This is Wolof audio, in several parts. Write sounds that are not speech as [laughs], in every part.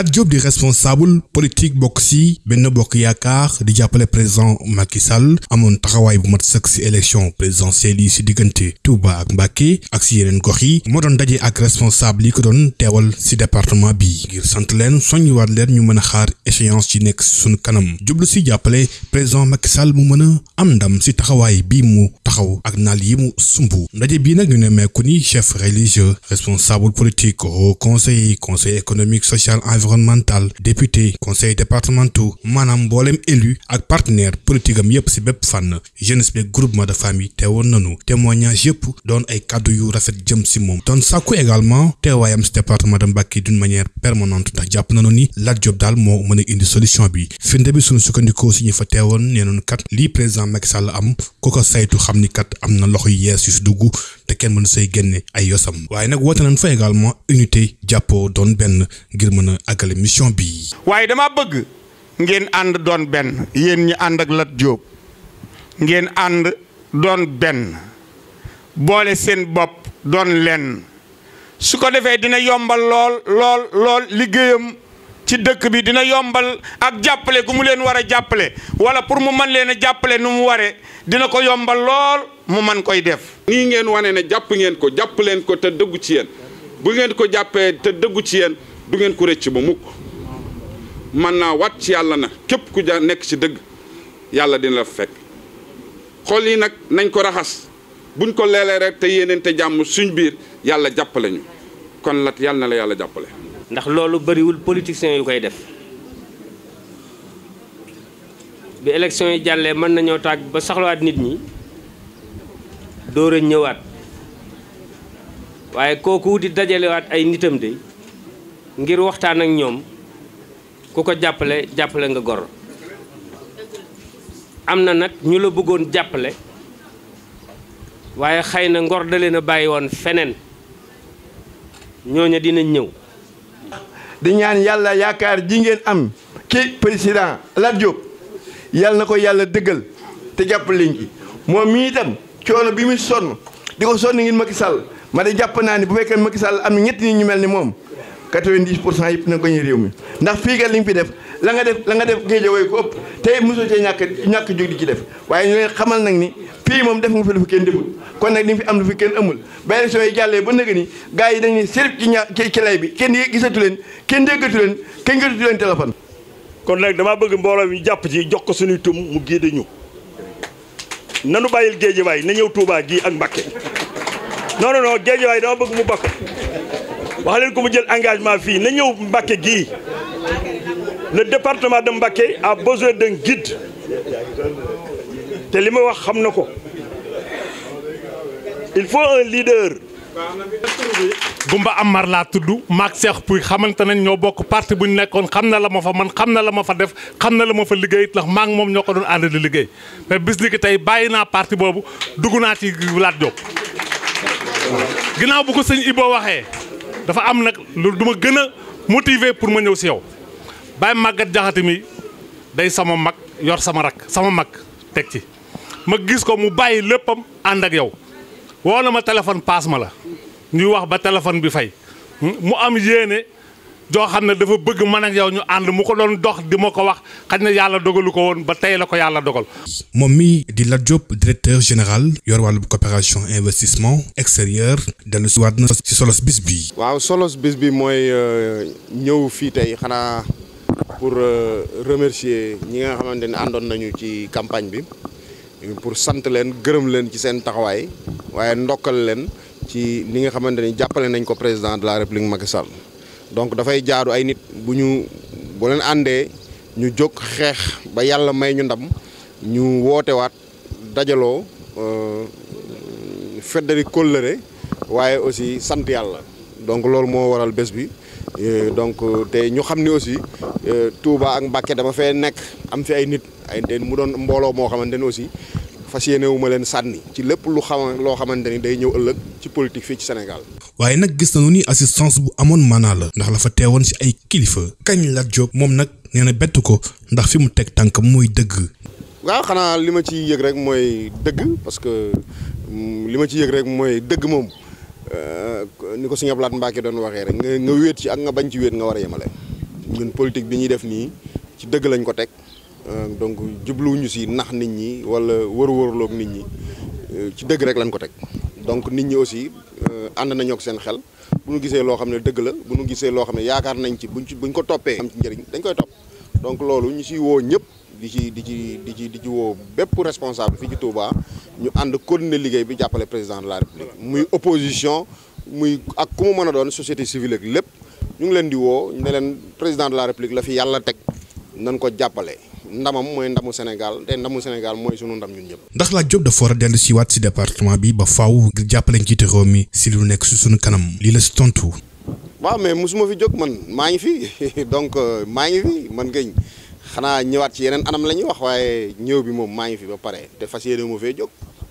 Lat Diop di responsable politique bokk ci benn Bokk Yaakaar di jàppale président Macky Sall amoon taxawaay bu mat sëkk ci élection présidentielle yi ci diggante Touba ak Mbacké ak ci yeneen gox yi moo doon daje ak responsable yi ko doon teewal ci département bi ngir sant leen soññiwaat leen ñu mën a xaar échéance ci nekk ci sunu kanam jublu ci jàppale président Macky Sall mu mën a am ndam ci taxawaay bi mu taxaw ak naal yi mu sumb ndaje bii nag ñu ne meeku ni chef religieux responsable politique haut conseiller social environnementale député conseil départementaux maanaam mboolem élu ak partenaire politique am yépp ci bépp fànn jeunesse bi groupement de famille teewoon nañu témoignage yépp doon ay kàddu yu rafet jëm ci moom doon sàkku également teewaayam ci département de Mbacké d'une manière permanente ndax jàpp nañu ni Lat Diop daal moo mën a indi solution bi firnde bi suñu sukkandikoo ci ñu fa teewoon nee nañu kat lii président Macky Sall am ku ko saytu xam ni kat am na loxo yu yees yu ci dugg te kenn mën say génne ay yosam waaye nag woote nañ fa également unité jàppoo doon benn ngir mën a àggale mission bi waaye dama bëgg ngeen ànd doon benn yéen ñi ànd ak Lat jóob ngeen ànd doon benn boole seen bopp doon lenn su ko defee dina yombal lool lool lool liggéeyam ci dëkk bi dina yombal ak jàppale ku mu leen war a jàppale wala pour mu mën leen a jàppale nu mu waree dina ko yombal lool mu mën koy def. nii ngeen wane ne jàpp ngeen ko jàpp leen ko te dëggu ci yéen. bu ngeen ko jàppee te dëggu ci yéen du ngeen ko rëcc ba mukk mën naa wat ci yàlla na képp ku ja nekk ci dëgg yàlla dina la fekk xool yi nag nañ ko raxas buñ ko leelee rek te yéeneen te jàmm suñ biir yàlla jàppale ñu kon lat yàlla na la yàlla jàppale ndax loolu bëriwul politiciens yu koy def bi élection yi jàllee mën nañoo tàgg ba saxlawaat nit ñi door ñëwaat waaye kooku di dajalewaat ay nitam de ngir waxtaan ak ñoom ku ko jàppale jàppale nga gor am na nag ñu la bëggoon jàppale waaye xëy na ngor da leen a bàyyi woon feneen ñooña dina ñëw di ñaan yàlla yaakaar ji ngeen am ci président Lat Diop yàlla na ko yàlla dëggal te jàppale leen ci moom mii itam coono bi muy sonn di ko sonn ngir Macky Sall ma de jàpp naa ni bu fekkee Macky Sall am na ñetti nit ñu mel ni moom 90 pour cent yëpp na ko ñu réew mi ndax fii kat li fi def la nga def la nga def géej way ko ëpp tey mosoo cee ñàkk ñàkk jóg di ci def waaye ñu leen xamal nag ni fii moom def nga fi lu fi kenn deful kon nag li nga fi am lu fi kenn amul ba soo yi jàllee ba nëgë ni gars yi dañ ne sérif ci ña ci lay bi kenn gisatu leen kenn déggatu leen kenn gisatu leen téléphone kon nag damaa bëgg mbooloo mi jàpp ci jox ko suñuy tum mu géede ñu nanu bàyyil géej waay na ñëw Touba gii ak Mbacke non non non Guédiawaye dama bëgg mu bokk wax leen ko mu jël engagement fii na ñëw Mbacké gii le département de Mbacké a besoin d'un guide te li ma wax xam na ko il faut un leader. Gumba Amar laa tudd maak Cheikh Pouy xamante nañ ñoo bokk parti bu ñu nekkoon xam na la ma fa man xam na la ma fa def xam na la ma fa liggéey ndax maa ngi moom ñoo ko doon ànd di liggéey mais bis ki tey bàyyi naa parti boobu dugg naa ci Lat Diop. ginnaaw bu ko sëñ boo waxee dafa am nag lu du ma gën a motiver pour ma ñëw si yow Baye Maguette Diakhaté mi day sama mag yor sama rak sama mag teg ci ma gis ko mu bàyyi léppam ànd ak yow woo na ma téléphone paas ma la ñuy wax ba téléphone bi fay mu am yéene. joo xam ne dafa bëgg man ak yow ñu ànd mu ko doon dox di ma ko wax xañ na yàlla dogalu ko woon ba tey la ko yàlla dogal. moom mi di Lat Diop directeur général yor wàllu coopération investissement extérieur dellu si waat na si solos bis bi. waaw solos bis bi mooy euh, ñëw fii tey xanaa pour euh, remercier ñi nga xamante ne àndoon nañu ci campagne bi pour sant leen gërëm leen ci seen taxawaay waaye ndokkal leen ci ni nga xamante ni jàppale nañ ko président de la république Macky Sall. donc dafay jaaru ay nit bu ñu bu leen àndee ñu jóg xeex ba yàlla may ñu ndam ñu wootewaat dajaloo euh, feddali kóllëre waaye aussi sant yàlla donc loolu moo waral bés bi euh, donc euh, te ñu xam ni aussi Touba ak Mbacké dama fee nekk am fi ay nit ay mu doon mbooloo moo xamante ne aussi fas yéene wu ma leen sànni ci lépp lu xam loo xamante ni day ñëw ëllëg ci politique fii ci Sénégal. waaye nag gis nañu ni assistance bu amoon maanaa la ndax la fa teewoon si ay kilifa kañ la Diop moom nag nee na bett ko ndax fi mu teg tànk mooy dëgg. waaw xanaa li ma ciy yëg rek mooy dëgg parce que mm, li ma ci yëg rek mooy dëgg moom euh, ni ko si Abdou Lahad Mbacké doon waxee rek nga nga wéet ci ak nga bañ ci wéet nga war a yemale ñun politique bi ñuy def nii ci dëgg lañ ko teg. Euh, donc jubluwuñu si nax nit ñi wala wër-wërloog nit ñi euh, ci dëgg rek lañ ko teg donc nit ñi aussi euh, ànd nañoo ak seen xel bu ñu gisee loo xam ne dëgg la bu ñu gisee loo xam ne yaakaar nañ ci buñ ci buñ ko toppee am ci dañ koy topp donc loolu ñu si woo ñëpp di ci di ci di ci di ci woo bépp responsable fii ci Touba ñu ànd continuer liggéey bi jàppale président de la République muy opposition muy ak ku mu mën a doon société civile ak lépp ñu ngi leen di woo ne leen président de la la fi yàlla teg nañ ko jàppale ndamam mooy ndamu Sénégal te ndamu Sénégal mooy sunu ndam ñun ñëpp. ndax Lat Diop dafa war a dellu si waat si département bi ba faaw ngir jàppale njiite réew mi si lu nekk si sunu kanam lii la si tontu. waaw mais mosuma fi jóg man maa ngi fi [laughs] donc euh, maa ngi fi man gëñ xanaa ñëwaat ci yeneen anam la ñuy wax waaye ñëw bi moom maa ngi fi ba pare te fas yéene moo fee jóg.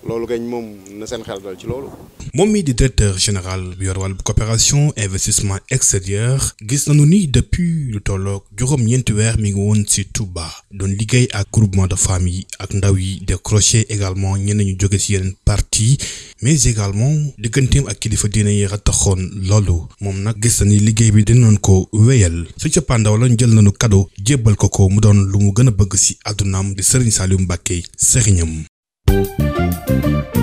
loolu gañ moom na seen xel dal ci loolu. moom mii di directeur général bi yor wàllu coopération investissement extérieur gis nañu ni depuis lu tolloog juróom-ñeenti weer mi ngi woon ci Touba doon liggéey ak groupement de femmes yi ak ndaw yi décroché également ñenn ñu jóge ci yeneen parti mais également digganteem ak kilifa diine yi taxoon loolu moom nag gis ni liggéey bi doon ko wéyal su ca pandaw lañ jël nañu cadeau jébbal ko ko mu doon lu mu gën a bëgg ci àddunaam di Serigne Saliou Mbacké sëriñam thank you